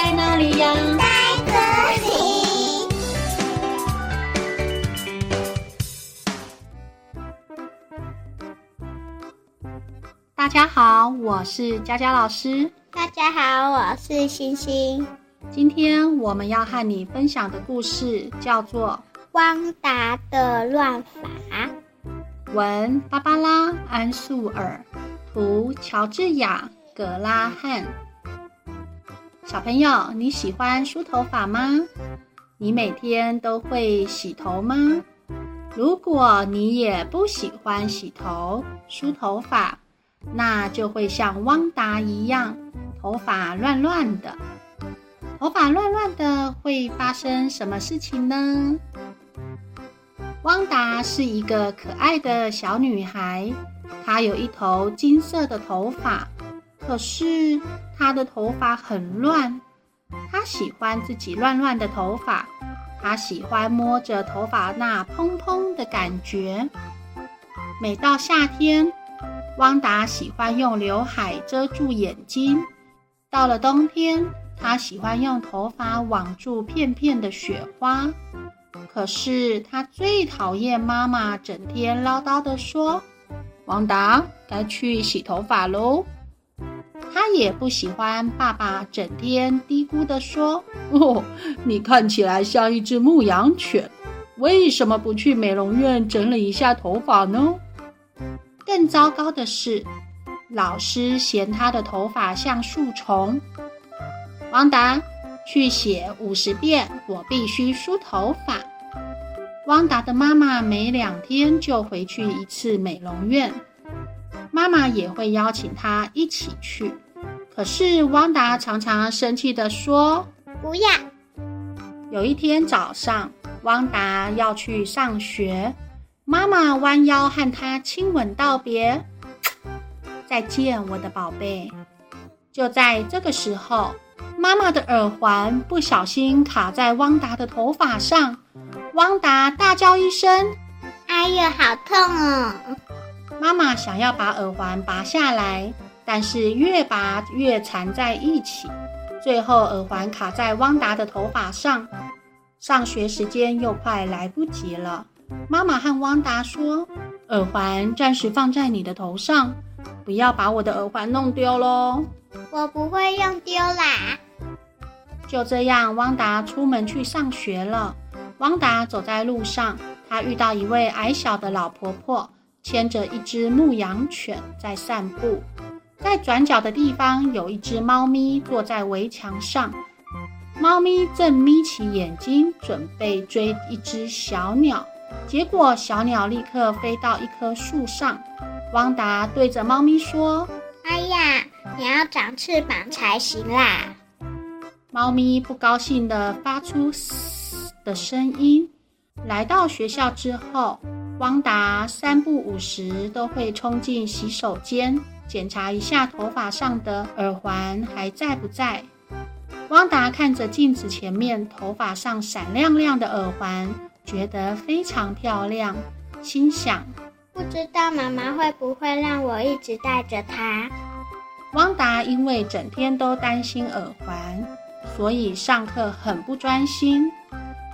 在哪裡呀？在這裡。大家好，我是佳佳老師。大家好，我是星星。今天我們要和你分享的故事叫做《汪達的亂髮》。文：芭芭拉·安素爾，圖：喬治亞·格拉漢。小朋友，你喜歡梳頭髮嗎？你每天都會洗頭嗎？如果你也不喜歡洗頭、梳頭髮，那就會像汪達一樣，頭髮亂亂的。頭髮亂亂的會發生什麼事情呢？汪達是一個可愛的小女孩，她有一頭金色的頭髮。可是她的頭髮很亂，她喜歡自己亂亂的頭髮，她喜歡摸着頭髮那蓬蓬的感覺。每到夏天，汪達喜歡用劉海遮住眼睛；到了冬天，她喜歡用頭髮網住片片的雪花。可是她最討厭媽媽整天嘮叨地說：“汪達，該去洗頭髮嘍。”他也不喜歡爸爸整天嘀咕地說：“哦，你看起來像一隻牧羊犬，為什麼不去美容院整理一下頭髮呢？”更糟糕的是，老師嫌他的頭髮像樹叢。汪達，去寫五十遍！我必須梳頭髮。汪達的媽媽每兩天就回去一次美容院。媽媽也會邀請他一起去，可是汪達常常生氣地說：“不要。”有一天早上，汪達要去上學，媽媽彎腰和他親吻道別：“再見，我的寶貝。”就在這個時候，媽媽的耳環不小心卡在汪達的頭髮上，汪達大叫一聲：“哎呦，好痛哦！”媽媽想要把耳環拔下來，但是越拔越纏在一起，最後耳環卡在汪達的頭髮上。上學時間又快來不及了，媽媽和汪達說：“耳環暫時放在你的頭上，不要把我的耳環弄丟嘍。”我不會弄丟啦。就這樣，汪達出門去上學了。汪達走在路上，他遇到一位矮小的老婆婆。牽着一隻牧羊犬在散步，在轉角的地方有一隻貓咪坐在圍牆上，貓咪正眯起眼睛準備追一隻小鳥，結果小鳥立刻飛到一棵樹上。汪達對着貓咪說：“哎呀，你要長翅膀才行啦！”貓咪不高興地發出嘶嘶的聲音。來到學校之後，汪達三不五時都會衝進洗手間，檢查一下頭髮上的耳環還在不在。汪達看着鏡子前面頭髮上閃亮亮的耳環，覺得非常漂亮，心想：“不知道媽媽會不會讓我一直戴着它。”汪達因為整天都擔心耳環，所以上課很不專心。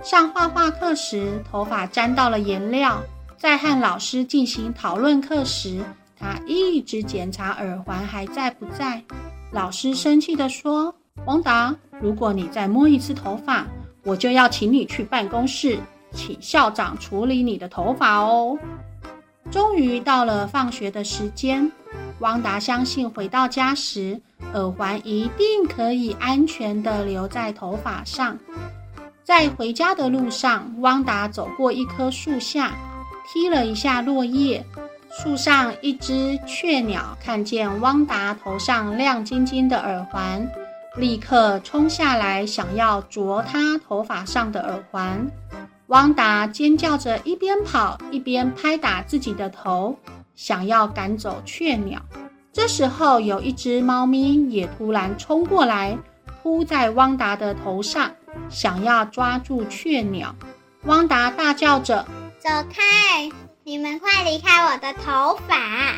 上畫畫課時，頭髮沾到了顏料。在和老師進行討論課時，他一直檢查耳環還在不在。老師生氣地說：“汪達，如果你再摸一次頭髮，我就要請你去辦公室，請校長處理你的頭髮哦。”終於到了放學的時間，汪達相信回到家時，耳環一定可以安全地留在頭髮上。在回家的路上，汪達走過一棵樹下。踢了一下落葉，樹上一隻雀鳥看見汪達頭上亮晶晶的耳環，立刻衝下來想要啄他頭髮上的耳環。汪達尖叫着，一邊跑一邊拍打自己的頭，想要趕走雀鳥。這時候有一隻貓咪也突然衝過來，撲在汪達的頭上，想要抓住雀鳥。汪達大叫着。走開！你們快離開我的頭髮！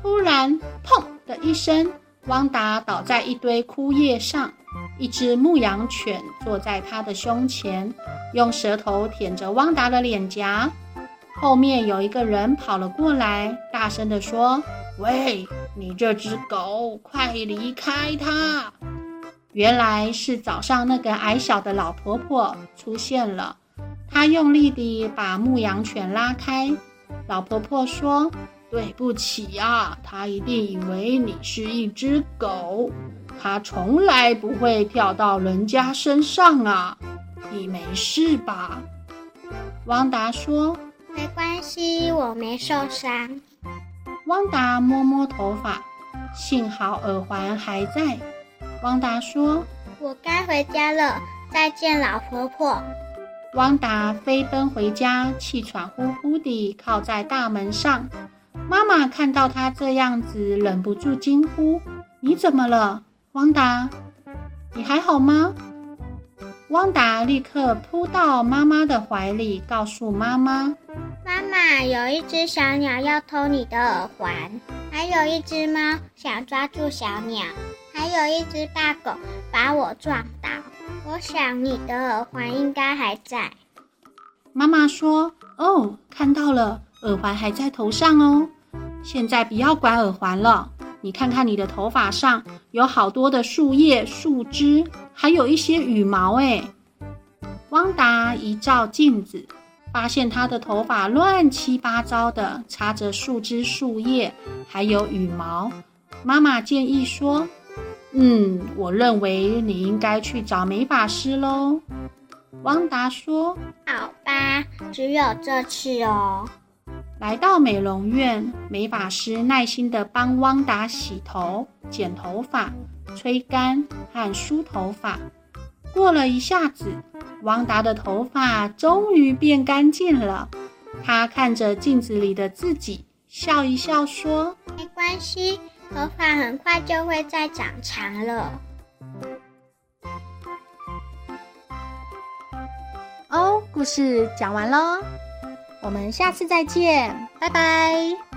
突然，砰的一聲，汪達倒在一堆枯葉上，一隻牧羊犬坐在他的胸前，用舌頭舔着汪達的臉頰。後面有一個人跑了過來，大聲地說：“喂，你這隻狗，快離開它！”原來是早上那個矮小的老婆婆出現了。他用力地把牧羊犬拉開。老婆婆說：“對不起啊，他一定以為你是一只狗。他從來不會跳到人家身上啊。你沒事吧？”汪達說：“沒關係，我沒受傷。”汪達摸摸頭髮，幸好耳環還在。汪達說：“我該回家了，再見，老婆婆。”汪達飛奔回家，氣喘吁吁地靠在大門上。媽媽看到他這樣子，忍不住驚呼：“你怎麼了，汪達？你還好嗎？”汪達立刻撲到媽媽的懷裡，告訴媽媽：“媽媽，有一隻小鳥要偷你的耳環，還有一隻貓想抓住小鳥，還有一隻大狗把我撞倒。”我想你的耳環應該還在。媽媽說：“哦，看到了，耳環還在頭上哦。現在不要管耳環了，你看看你的頭髮上有好多的樹葉、樹枝，還有一些羽毛。”哎，汪達一照鏡子，發現她的頭髮亂七八糟的，插着樹枝、樹葉，還有羽毛。媽媽建議說。嗯，我認為你應該去找美髮師嘍。汪達說：“好吧，只有這次哦。”來到美容院，美髮師耐心地幫汪達洗頭、剪頭髮、吹乾和梳頭髮。過了一下子，汪達的頭髮終於變乾淨了。他看着鏡子裡的自己，笑一笑說：“沒關係。”頭髮很快就會再長長了。哦，故事講完咯，我們下次再見，拜拜。